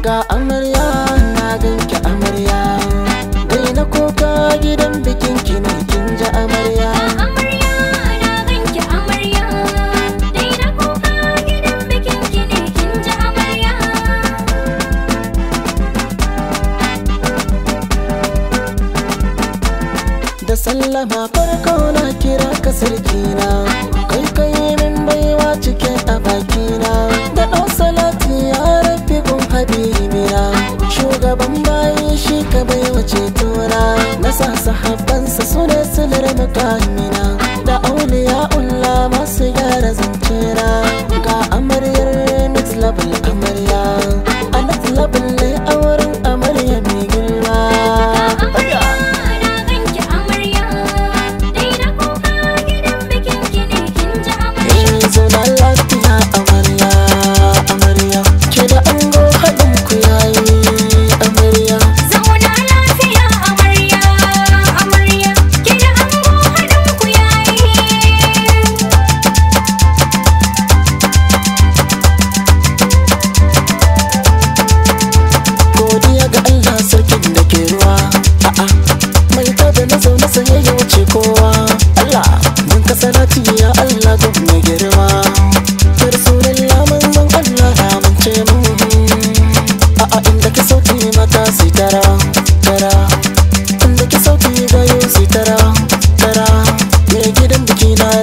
ga amarya na ganke amarya dai na koka gidan bikin ne, kin ji amarya da sallama farko na kira ka sarkina kai kai min baiwa cikin a bakina da ɗan salati ya rabbi gun habibi ya baiwa cetora na sa sahabbansa su ne silar mukamina da auliya ulla masu gyara zancera ga amaryar next level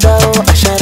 I a